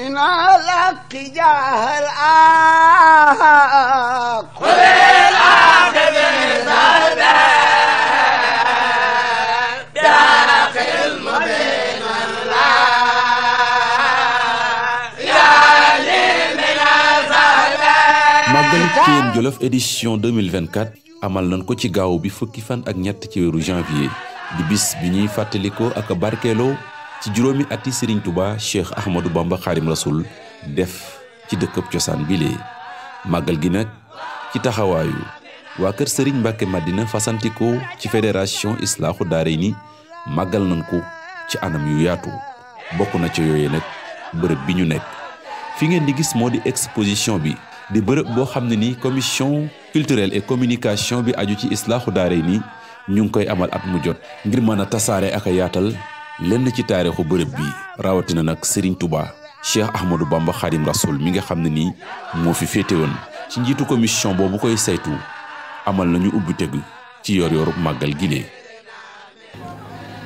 من الحق جاه الحق خذ الحق بصدق بحق المبين الله يا لي من الصدق màggalu Cuub Jolof édition amal nañ ko ci gaaw bi fukki fan ak ñett ci weeru janvier di bis bi ñuy fàttalikoo ak barkeeloo ci juróomi ati Serigne Touba Cheikh Ahmadou Bamba Xaadim Rasul def ci dëkkëb cosaan bi bile màggal gi nag ci taxawaayu waa kër Serigne Mbacke màddina fasantikoo ci fédération Islaahu Daarayni màggal nañ ko ci anam yu yaatu bokk na ca yooyee nag bërëb bi ñu nekk fi ngeen di gis moo di exposition bi di bërëb boo xam ne ni commission culturelle et communication bi aju ci Islaahu Daarayni ñu ngi koy amal at mu jot ngir mën a tasaare ak a yaatal lenn ci taarixu bërëb bi rawatina nag sëriñ Touba Cheikh Ahmadou Bamba Khadim Rasoul mi nga xam ne nii moo fi féete woon ci njiitu commission boobu koy saytu amal nañu ubbi tëgg ci yor yoru màggal gilee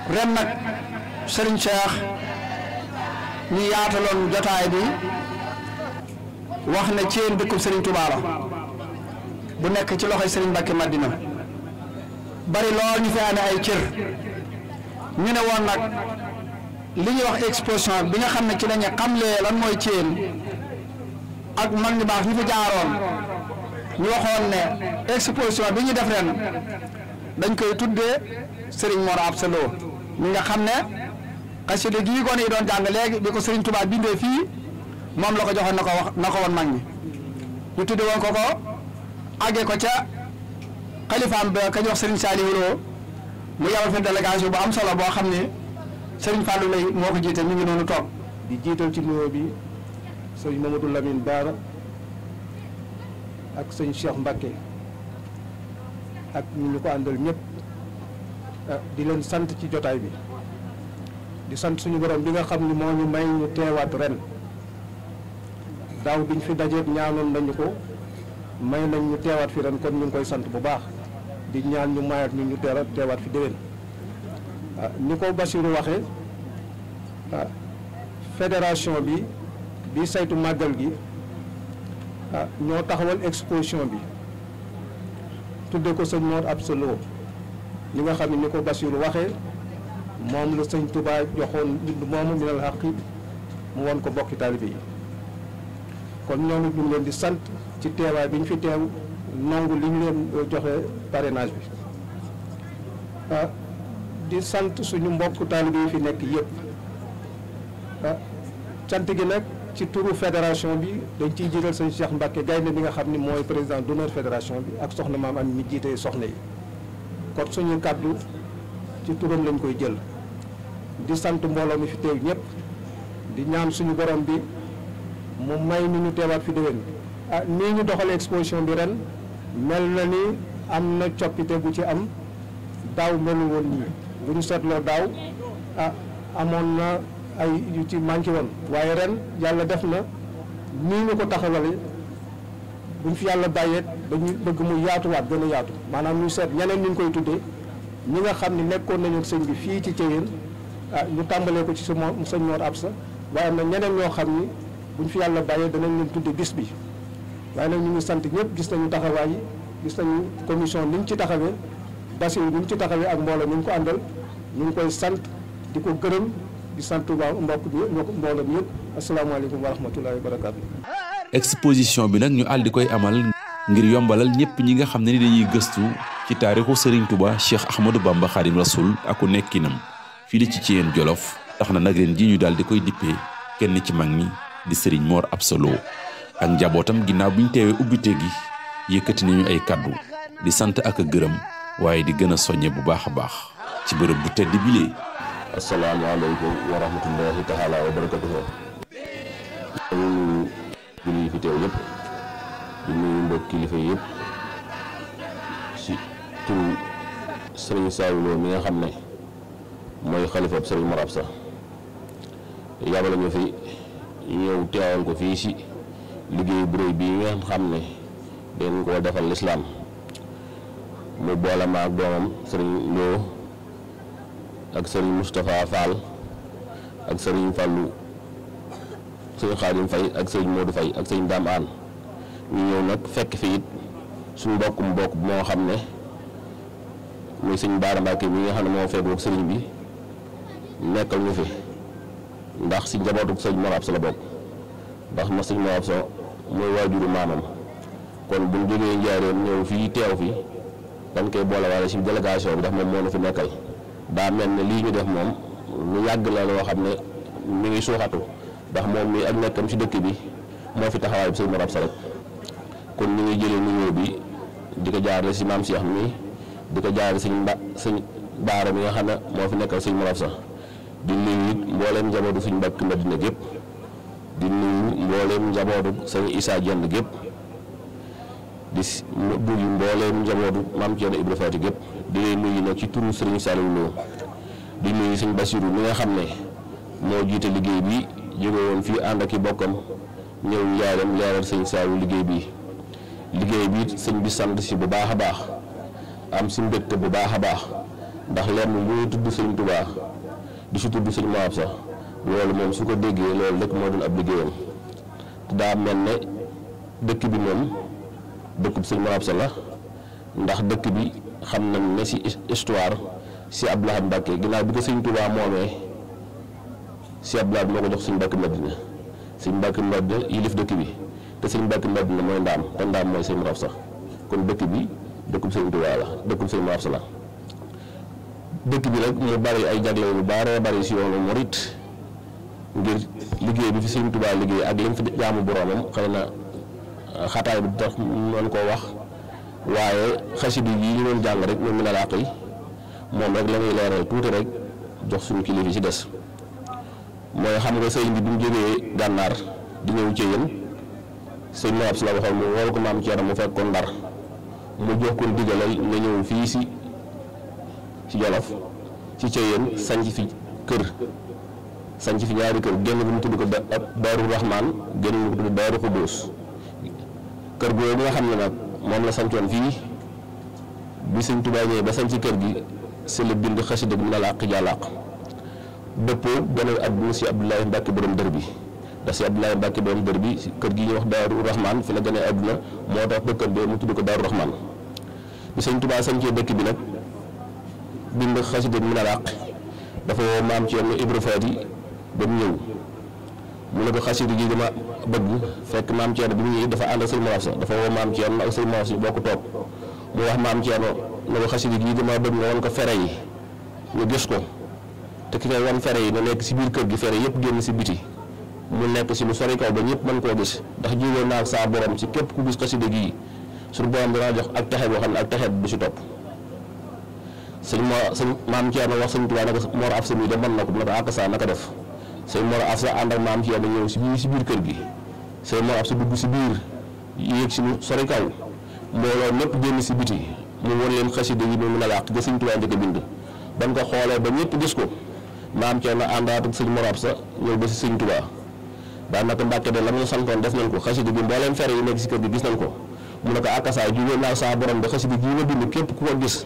ren nag Serigne Cheikh ñu yaataloon jotaay bi wax ne Thiène dëkkub Serigne Touba la bu nekk ci loxoy Serigne Mbacké Madina bari lool ñu fi amee ay cër ñu ne woon nag li ñuy wax exposition bi nga xam ne ci lañu xamlee lan mooy ceen ak mag ñu baax ñu fi jaaroon ñu waxoon ne exposition bi ñu def ren dañ koy tuddee Serigne Mor Absa Lo mi nga xam ne xasida gii gone yi doon jàng léegi bi ko Serigne Touba bindee fii moom la ko joxoon na ko wax na ko woon mag ñi ñu tuddee woon ko ko àggee ko ca xalifaam ba ka ñu wax Serigne Saliou mu yabal fa délégation bu am solo boo xam ne Serigne Fallou lay moo ko jiite mi ngi noonu toog di jiital ci nuyoo bi sëñ Mamadou Lamine Baara ak sëñ Cheikh Mbacké ak ñu ñu ko àndal ñëpp ah, di leen sant ci jotaay bi di sant suñu borom bi nga xam ni moo ñu may ñu teewaat ren daaw biñ fi dajeet ñaanoon nañu ko may nañ ñu teewaat fi ren kon ñu ngi koy sant bu baax di ñaan ñu mayaat ñu ñu teel teewaat fi déwén ah, ni ko Bassirou waxee ah, fédération bi bi saytu màggal gi ah, ñoo taxawal exposition bi tudde ko sëñ Mor Absa Lo li nga xam ne ni ko Bassirou waxee moom la sëñ Touba joxoon bind moomu minal xaq mu woon ko bokki taalibe yi kon ñooñu ñu leen di sant ci teewaay bi ñu fi teew nangu li ñu leen eh, joxe parrainage bi ah di sant suñu mbokk taalibe yi fi nekk yëpp ah cant gi nag ci turu fédération bi dañ ciy jiital sëñ Cheikh Mbacke gaynde bi nga xam ni mooy président d'honneur fédération bi ak soxna maam am mi jiite soxna yi kon suñu kàddu ci turam lañ koy jël di sant mbooloo mi fi teew ñëpp di ñaan suñu borom bi mu may nu ñu teewaat fi déwén ah nii ñu doxalee exposition bi ren mel na ni am na coppite gu ci am daaw melu woon nii bu ñu seetloo daaw ah amoon na ay yu ci manqué woon waaye ren yàlla def na nii ñu ko taxawale bu ñu fi yàlla bàyyeet dañuy bëgg mu yaatuwaat gën a yaatu maanaam ñu seet ñeneen ñu koy tuddee ñi nga xam ne nekkoon nañu sëñ bi fii ci Thiéyène ah ñu tàmbalee ko ci sa sëñ Mor sa waaye am na ñeneen ñoo xam ni bu ñu fi yàlla bàyyee danañ leen tudde bis bi waaye nag ñu ngi sant ñëpp gis nañu taxawaay yi gis nañu commission ni ci taxawee Bassirou ni mu ci taxawee ak mbooloo ni ko àndal ñu koy sant di ko gërëm di sant waa mbokk bi mbokk mbooloo bi yëpp asalaamaaleykum wa rahmatullahi exposition bi nag ñu àll di koy amal ngir yombalal ñëpp ñi nga xam ne ni dañuy gëstu ci taarixu Serigne tubaa Cheikh Ahmadou Bamba Khadim Rasoul ak ku nekkinam fii li ci ci Thièyène Jolof tax na nag ren ji ñu daal di koy dippee kenn ci mag ñi di Serigne Mor Absa Lo ak njabootam ginnaaw bi ñu teewee ubbite gi. yëkkati nañu ay kàddu di sant ak a gërëm waaye di gën a soññe bu baax a baax ci bërëb bu tedd bi lee asalaamaaleykum wa rahmatullahi taala wa barakatuhu ñu julli fi teew yëpp di nuyu mbokk kilifa yëpp si turu sëriñ Saawuloo mi xam ne mooy xalifa sëriñ Mor Absa yabal ñu fi ñëw teewal ko fii si liggéey bu rëy bii nga xam ne den koo defal lislaam mu boole ma ak doomam sëriñ Lo ak sëriñ Moustapha Fall ak sëriñ Fallou sëriñ Xaadim Fay ak sëriñ Modou Fay ak sëriñ Dame ñu ñëw nag fekk fiit it suñu mbokk mu bokk moo xam ne muy sëñ Baara Mbàkke mi nga xam ne moo fekkoog sëriñ bi nekkal ñu fi ndax si njabootu sëriñ Mor Absa la bokk ndax ma sëriñ Mor Absa mooy waajuru maamam kon bu ñu jógee njaareem ñëw fii teew fi dañ koy boole waale si délégation bi ndax moom moo na fi nekkal daa mel ne lii ñu def moom lu yàgg la loo xam ne mu ngi suuxatu ndax moom mi ak nekkam si dëkk bi moo fi taxawaay bi sëñ Mor Absa rek kon ñu ngi jëlee nuyoo bi di ko jaarale si maam Cheikh mi di ko jaarale sëñ Mba sëñ Baara mi nga xam ne moo fi nekkal sëñ Mor Absa di nuyu it mbooleem njabootu suñ mbàkk Madina gépp di nuyu mbooleem njabootu sëñ gépp di nuyu mbooleem njabootu maam di lay nuyu ci turu Serigne Saliou Lo di nuyu sëñ Bassirou mi nga xam ne moo jiite liggéey bi jóge woon fii ànd ak i bokkam ñëw njaareem leeral sëñ Saliou liggéey bi liggéey bi sëñ bi sant si bu baax a baax am si mbégte bu baax a baax ndax lenn lu tudd sëñ Touba di si tudd sëñ Maab sax loolu moom su ko déggee loolu rek moo doon ab liggéeyam daa mel ne dëkk bi moom. dëkkub sëñ Mor Absa la ndax dëkk bi xam nañ ne si histoire si Abdou Lahad Mbacke ginnaaw bi ko sëñ Touba moomee si Abdou Lahad moo ko jox sëñ Mbacke Madina sëñ Mbacke Madina yilif dëkk bi te sëñ Mbacke Madina mooy ndaam te ndaam mooy sëñ Mor Absa kon dëkk bi dëkkub sëñ Touba la dëkkub sëñ la dëkk bi nag mu bari ay jagle yu bare bari si yoonu murit ngir liggéey bi fi sëñ Touba liggéey ak lim fi jaamu boroomam xëy na. xataay bi tax mën koo wax waaye xasida yi ñu doon jàng rek moom mi la yi moom rek la muy leeral tuuti rek jox suñu kilifa ci des mooy xam nga sëriñ bi bu mu jógee gànnaar di ñëw ci yéen sëñ Maab si la waxoon mu wol ko maam Thierno mu fekk ko ndar mu jox ko digalal nga ñëw fii si ci Jolof ci Ceyeen sanc fi kër sanc fi ñaari kër génn bu mu tudd ko Daaru Rahmaan génn bu mu tudd Daaru Xuddoos kër googu nga xam ne nag moom la santoon fii bi sëñ Tuubaa ñëwee ba sañ ci kër gi si la bind xasida mu ne la àq jàll àq dëppoo beneen at bu si Abdoulaye Mbacke borom dër bi ndax si Abdoulaye Mbacke borom dër bi kër gi ñuy wax Daaru Rahman fi la gën a àdduna moo tax dëkkam bi mu tudd ko Daaru Rahman bi sëñ Tuubaa sañcee dëkk bi nag bind xasida mu ne la àq dafa woo maam ci yoon Ibra Faati ba mu ñëw mu ne ko xasida gi dama bëgg fekk maam Thierno bi mu ñëwee dafa ànd ak sëñ Mor Assa dafa woo maam Thierno ak boo ko toog mu wax maam Thierno ne ko xasida gi dama bëgg nga ko fere yi ñu gis ko te ki koy fere yi na nekk si biir kër gi fere yëpp génn si biti mu nekk si lu sori kaw ba ñëpp mën koo gis ndax jógoon naa saa borom si képp ku gis xasida gi suñu borom danaa jox ak texe boo xam ne ak texe bu si topp sëñ Mor sëñ maam Thierno wax sëñ Tuubaa naka Mor Assa mii de mën na ko na ko àkk ah saa naka def sëñ Mor Assa ànd ak maam Thierno ñëw si biir si biir kër gi Seydina Absa dugg si biir yéeg si nu sori kaw mbooloo ñëpp génn si biti mu won leen xasida yi mu mun a làq ga Sëñ Tuubaa njëkk a bind ban ko xoolee ba ñëpp gis ko maam kenn àndaat ak sëñ Mor Sëñ Tuubaa daanaka Mbàkke de yi nekk gis nañ ko mu ne ko akasaay jugee naa saa borom ba xasida gi ma bind képp gis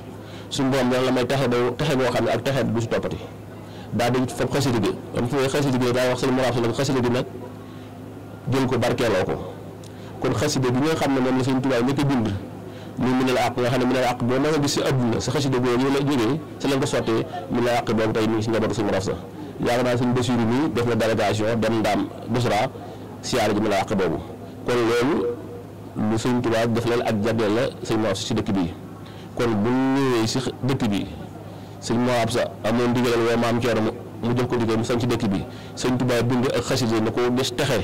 suñu borom dana la may texe boo texe xam ne ak texe du si toppati daa di fab xasida gi am fu sëñ Mor Absa la xasida gi nag jël ko barkeeloo ko kon xasida bi nga xam ne moom la Sëñ Tuubaa ñëkk a bind muy mu ne la àq nga xam ne mu ne la àq boo mën si àdduna sa xasida boobu ñu la jógee si lañ ko sottee mu ne la àq boobu tey ñu ngi si njabootu suñu raf sa yaakaar naa suñu Basiru mi def na délégation dem ndaam Busra siyaare ji mu ne la àq boobu kon loolu lu Sëñ Tuubaa def leen ak jagleel la sëñ Mor si dëkk bi kon bu ñëwee si dëkk bi sëñ Mor sa amoon ndigalal woo maam Cooro mu jox ko ndigal mu sañ ci dëkk bi Sëñ Tuubaa bind ak xasida na ko des texe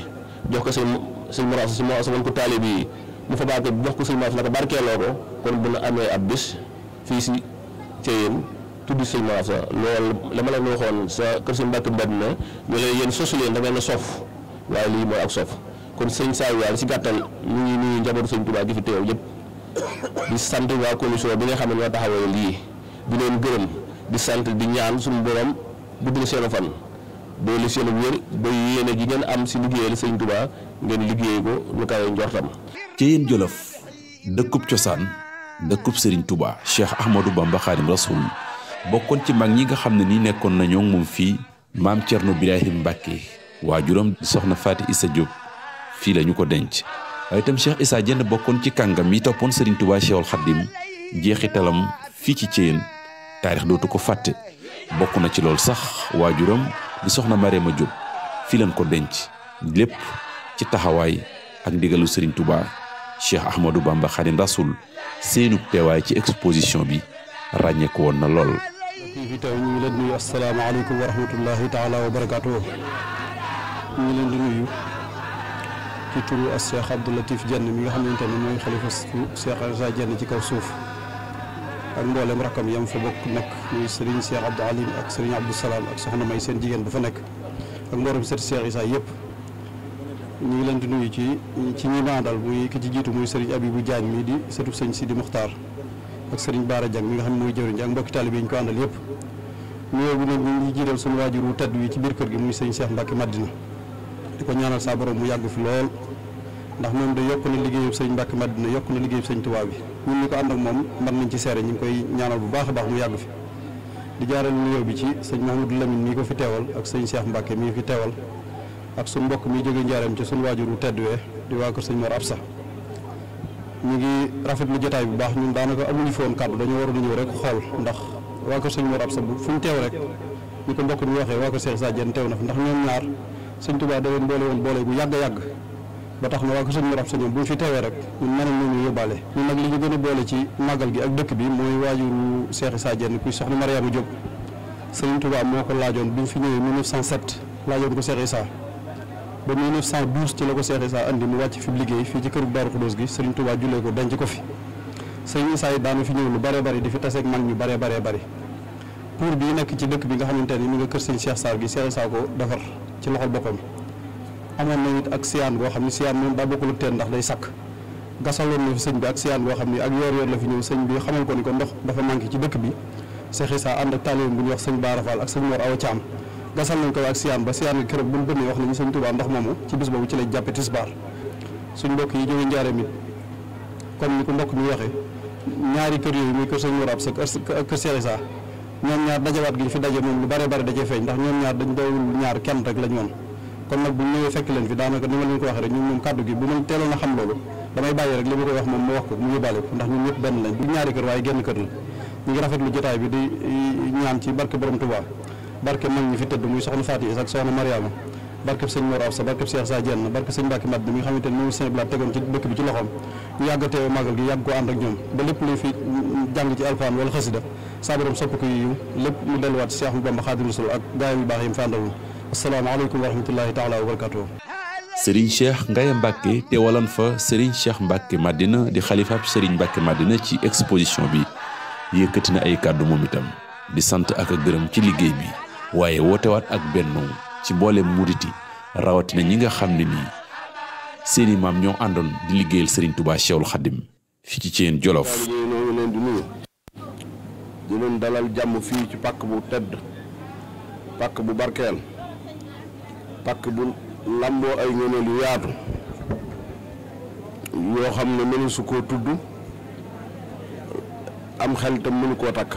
jox ko sëñ sëñ Mor sëñ Mor Assa ko taalib yi mu fa barke jox ko sëñ Mor Assa la ko barkeeloo ko kon bu na amee ab bis fii si Thièyène tudd sëñ Mor Assa loolu la ma leen waxoon sa kër sëñ Mbàkke Madina ñu leen yéen sosu leen da ngeen a sof waaye lii mooy ak sof kon sëñ Saliou Wade si gàttal mu ngi nuyu njabootu sëñ Touba gi fi teew yëpp di sant waa commission bi nga xam ne ñoo taxawal lii di leen gërëm di sant di ñaan suñu borom guddal seen fan. doole seen wér ba yéene gi ngeen am si liggéeyal sëñ tubaa ngeen liggéey ko lu kawe njortam. ci yéen Jolof dëkkub cosaan dëkkub sëriñ tubaa Cheikh Ahmadou Bamba Xaadim bokkoon ci mag ñi nga xam ne ni nekkoon nañoo moom fii maam Thierno Birahim Mbacke waajuram soxna Faati Issa Diop fii lañu ko denc. waaye itam Cheikh Issa Diène bokkoon ci kàngam yi toppoon sëriñ Tuubaa Cheikhul Xaadim jeexitalam fii ci Thièyène taarix dootu ko fàtte bokk na ci loolu sax waajuram. di soxna Marema jóg fii leen ko denc lépp ci taxawaay ak ndigalu Serigne Touba Cheikh Ahmadou Bamba Khadim Rasoul seenub teewaay ci exposition bi ràññeeku woon na lool. fii taw ngi leen di nuyu asalaamaaleykum wa rahmatullahi taala wa barakaatu ñu ngi leen di nuyu ci turu ak Cheikh Abdou Latif Diène nga xamante ne mooy xalifa Cheikh Rza jenn ci kaw suuf. ak mboolem rakam yam fa bokk nekk muy Serigne Cheikh Abdou Alim ak Serigne Abdou Salam ak soxna May seen jigéen ba fa nekk ak mboolem seeti Cheikh Issa yëpp ñu ngi leen di nuyu ci ci ñi naandal muy ki ci jiitu muy Serigne Abibou Diagne mii di sëtu sëñ Sidi Muxtaar ak Serigne Baara Diagne mi nga xam ne mooy jëwriñ ak mbokki taalibe yi ñu ko àndal yëpp ñu ngi jiital suñu waajur wu tedd wi ci biir kër gi muy sëñ seex Mbacke Madina di ko ñaanal saa borom mu yàgg fi lool ndax moom de yokk na liggéeyu sëñ Mbacke Madina yokk na liggéeyu sëñ ñun ñu ko ànd ak moom mën nañ ci seere ñu ngi koy ñaanal bu baax a baax mu yàgg fi di jaaral nuyoo bi ci sëñ Mahamadou Lamine mii ko fi teewal ak sëñ Cheikh Mbacke mii fi teewal ak suñ mbokk mi jóge njaareem ci suñ waajur wu tedd wee di sëñ Mor Absa ñu ngi rafetlu jotaay bu baax ñun daanaka amuñu fi woon kàddu dañoo waroon a ñëw rek xool ndax waa kër sëñ Mor Absa bu fu ñu teew rek ñu ko mbokk mi waxee waa kër Cheikh Sadiane teew na fi ndax ñoom ñaar suñ Touba da leen boole woon boole bu yàgg a yàgg ba tax na waa ko sëñ Mor Absa bu ñu fi teewee rek ñun mën nañu ñu yóbbaale ñun nag li ñu gën a boole ci màggal gi ak dëkk bi mooy waajuru Cheikh Issa Diène kuy soxna Mariama Diop Sëriñ Touba moo ko laajoon bi mu fi ñëwee 1907 laajoon ko Cheikh Issa ba 1912 ci la ko Cheikh Issa indi mu wàcc fi liggéey fii ci këru Daaru Xudóos gi Sëriñ Touba jullee ko denc ko fi Sëriñ Issa yi daanu fi ñëw lu bare bari di fi taseeg mag ñu bare bare bari pour bii nekk ci dëkk bi nga xamante ni mi nga kër sëñ Cheikh Sarr gi Cheikh Issa ko defar ci loxol boppam amoon na it ak siyaan goo xam ne siyaan moom daa bokkul teen ndax day sakk gasaloon na fi sëñ bi ak siyaan goo xam ne ak yoor yoor la fi ñëw sëñ bi xamal ko ni ko ndox dafa manqué ci dëkk bi Cheikh Issa ànd ak taalibe bu ñuy wax sëñ Bara Fall ak sëñ Mor Awa Thiam gasal nañ ko ak siyaan ba siyaan gi keroog bu ñu bënnee wax nañu sëñ Touba ndox moomu ci bis boobu ci lañ jàppe tisbaar suñ mbokk yi jóge njaareem it comme ni ko mbokk ñu waxee ñaari kër yooyu muy kër sëñ Mor ab sa kër ñoom ñaar dajawaat gi fi daje moom lu bare bare dajee feeñ ndax ñoom ñaar dañ doon kenn rek lañ woon kon nag bu ñëwee fekk leen fi daanaka ni ma leen ko waxee rek ñun moom kàddu gi bu ma teeloon a xam loolu damay bàyyi rek li ma koy wax moom ma wax ko mu yóbbaale ko ndax ñu ñaan ci barke borom Touba barke fi tëdd muy soxna Fatou Isa ak soxna Mariama barkeb sëñ Mor Absa barkeb Cheikh Sa Diène barkeb sëñ Mbacke Mad mi nga xamante ne moom sëñ Blaat tegoon ci dëkk bi ci loxoom ñu a teewe màggal gi yàgg ko ànd ak ñoom ba lépp luy fi jàng ci alfaan wala xasida saa borom sopp ko yiw lépp mu delluwaat Cheikh Bamba Xaadimu Rasuul yi asalaamaaleykum wa rahmatullahi taala wa barakatuh Serigne Cheikh Ngaye Mbacke teewalan fa Serigne Cheikh Mbacke Madina di xalifaab sëriñ Mbacke Madina ci exposition bi yëkkati na ay kàddu moom itam di sant ak a gërëm ci liggéey bi waaye wootewaat ak bennoo ci mu muriti rawatina ñi nga xam ne nii seeni maam ñoo àndoon di liggéeyal Serigne Touba Cheikhul Khadim fi ci Thiène Jolof. di dalal jàmm fii ci pàkk bu tedd pàkk bu barkeel. pakk bu lamboo ay ngëneel lu yaatu yoo xam ne mënu su koo tudd am xel tam mënu koo takk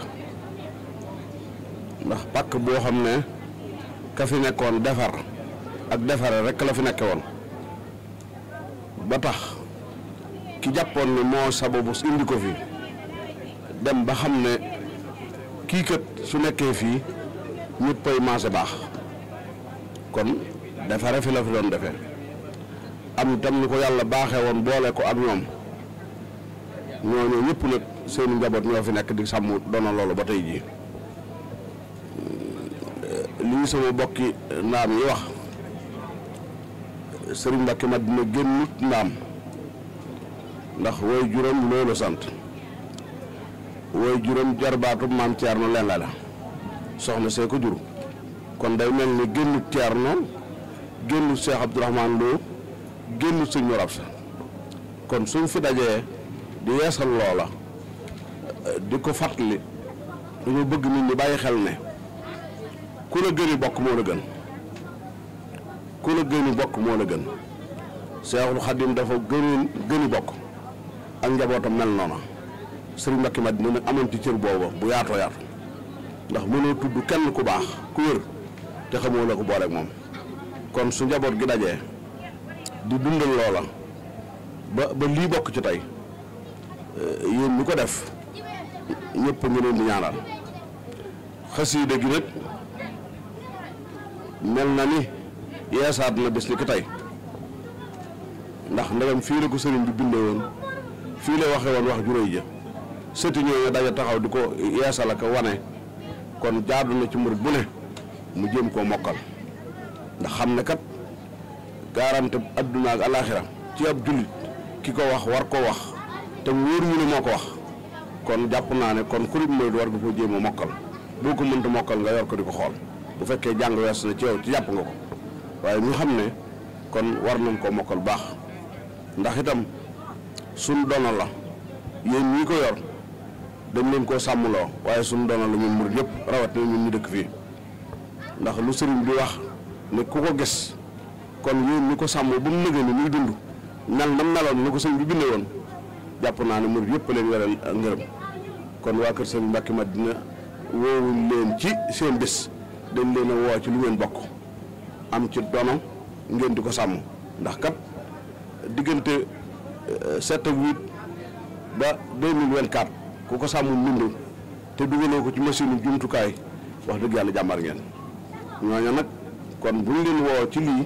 ndax pakk boo xam ne ka fi nekkoon defar ak defare rekk la fi nekke woon ba tax ki jàppoon ne moo sababu indi ko fi dem ba xam ne kii kat su nekkee fii ñëppay maase baax kon defare fi la fi doon defe am tam ñu ko yàlla baaxe woon boole ko ak ñoom ñooñu ñëpp nag seeni njaboot ñoo fi nekk di sàmm doona loolu ba tey jii eh, li ñu sama bokki ndaam yi wax sëriñ Mbacke Madina génnut ndaam ndax woy juróom loolu sant woy juróom jarbaatu maam Thierno Lenga la soxna see ko jur kon day mel ni génnut Thierno génn Cheikh Abdourahmane Lo génn sëñ Mor Absa kon suñ fi dajee di weesal loola di ko fàttali dañu bëgg nit ñi bàyyi xel ne ku la gëni bokk moo la gën ku la moo la gën Seexul Xadim dafa gënoon gëni bokk ak njabootam mel noona Sëriñ Mbàkke Madina nag amoon ci cër booba bu yaatoo yaatu ndax mënoo tudd kenn ku baax ku wér te xamoo la ko booleeg moom kon su njaboot gi dajee di dundal loola ba ba lii bokk ci tey eh, yoon ñu ko def ñëpp ngi leen ñaanal xasiida gi nag mel na ni yeesaat na bis ni ko tey ndax ndegam fii la ko sëriñ bi bindee woon fii la waxee woon wax juróoy ja sëti ñoo nga daje taxaw di ko yeesal ak wane kon jaadu na ci murit bu ne mu jéem koo mokkal ndax xam ne kat garante adduna ak alaxira ci ab jullit ki ko wax war koo wax te wóor ñu ne moo ko wax kon jàpp naa ne kon kurib moytu war nga ko jéem a mokkal boo ko mënta mokkal nga yor ko di ko xool bu fekkee jàng wees na ci yow ci jàpp nga ko waaye ñu xam ne kon war nañ koo mokkal baax ndax itam suñ doona la yéen ñii ko yor dañ leen koo sàmmloo waaye suñ doona la ñun murid yëpp rawet na ñu dëkk fii ndax lu sëriñ bi wax ne ku ko gis kon yéen ñi ko sàmm ba mu nëgëni muy dund nal nam naloon na ko sëñ bi binde woon jàpp naa ne murid yëpp leen weral ngërëm kon waa kër sëñ Mbàkke Madina woowuñ leen ci seen bés dañ leen a woo ci lu ngeen bokk am ci dono ngeen di ko sàmm ndax kat diggante euh, set ak huit ba deux mille vingt quatre ku ko sàmmul mbind te dugaloo ko ci machine jumtukaay wax dëgg yàlla jàmbar ngeen ñooñu nag kon buñ leen woo ci lii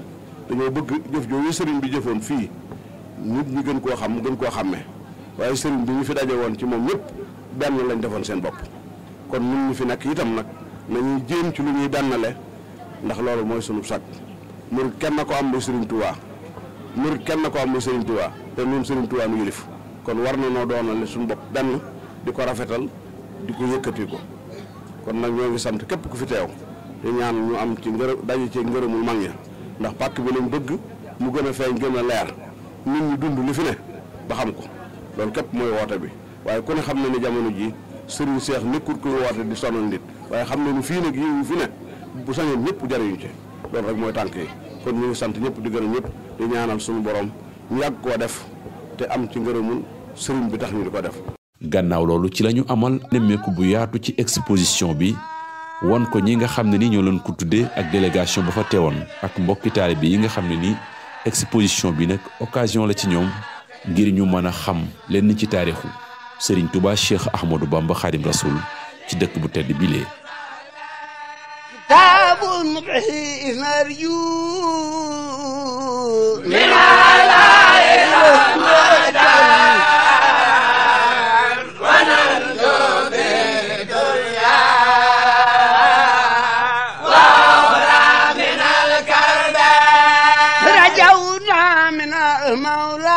dañoo bëgg jëf jooju sëriñ bi jëfoon fii nit ñi gën koo xam gën koo xàmmee waaye sëriñ bi ñu fi daje woon ci moom ñëpp benn lañ defoon seen bopp kon ñun ñu fi nekk itam nag nañuy jéem ci lu ñuy dànnale ndax loolu mooy sunu sag murit kenn ko am muy sëriñ Tuubaa murit kenn ko am muy sëriñ Tuubaa te ñun sëriñ Tuubaa nu yilif kon war na noo doonale suñu bopp benn di ko rafetal di ko yëkkati ko kon nag ñoo ngi sant képp ku fi teew te ñaan ñu am ci ngërëm daje ci ngërëmul mag ña ndax pàkk bi lañ bëgg mu gën a feeñ gën a leer nu ñi dund li fi ne ba xam ko loolu képp mooy woote bi waaye ku ne xam na ne jamono ji sëriñ seex nekkul ku woote di sonal nit waaye xam na nu fii nag yiwu fi ne bu sañoon ñëpp jariñu ci loolu rek mooy tànk yi kon ñu ngi sant ñëpp di gërëm ñëpp di ñaanal suñu borom ñu yàgg koo def te am ci ngërëmul sëriñ bi tax ñu di ko def gannaaw loolu ci lañu amal nemmeeku bu yaatu ci exposition bi wan ko ñi nga xam ne ni ñoo leen ko tudde ak délégation ba fa teewoon ak mbokki taalibe yi nga xam ne ni exposition bi nag occasion la ci ñoom ngir ñu mën a xam lenn ci taarixu Serigne Touba Cheikh Ahmadou Bamba Khadim Rasoul ci dëkk bu tedd bilee kitaabun fiihi narjuu لنا مولاي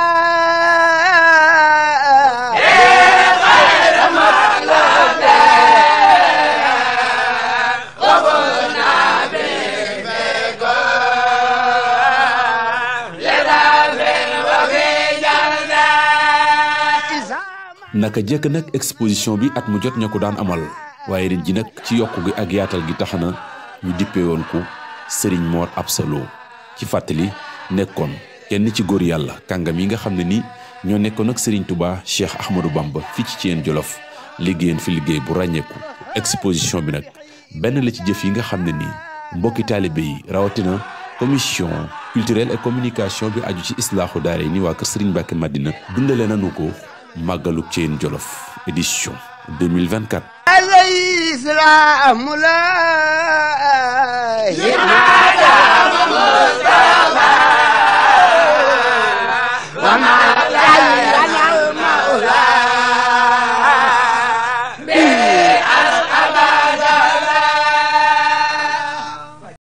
غير مولاي naka jëkk nag exposition bi at mu jot ña ko daan amal waaye ren ji ci yokk gi ak yaatal gi tax na ñu dippe woon ko sëriñ Mor Absa Lo ci fàttali nekkoon kenn ci góor yàlla kàngam yi nga xam ne ni ñoo nekkoon ak Serigne Touba Cheikh Ahmadou Bamba fii ci Thiène Jolof liggéeyeen fi liggéey bu ràññeeku exposition bi nag benn la ci jëf yi nga xam ne nii mbokki taalibe yi rawatina commission culturelle et communication bi aju ci islaaxu daara yi ni waa kër Serigne Mbacke Madina dundale nanu ko màggalu Thiène Jolof édition 2024 alaislaamula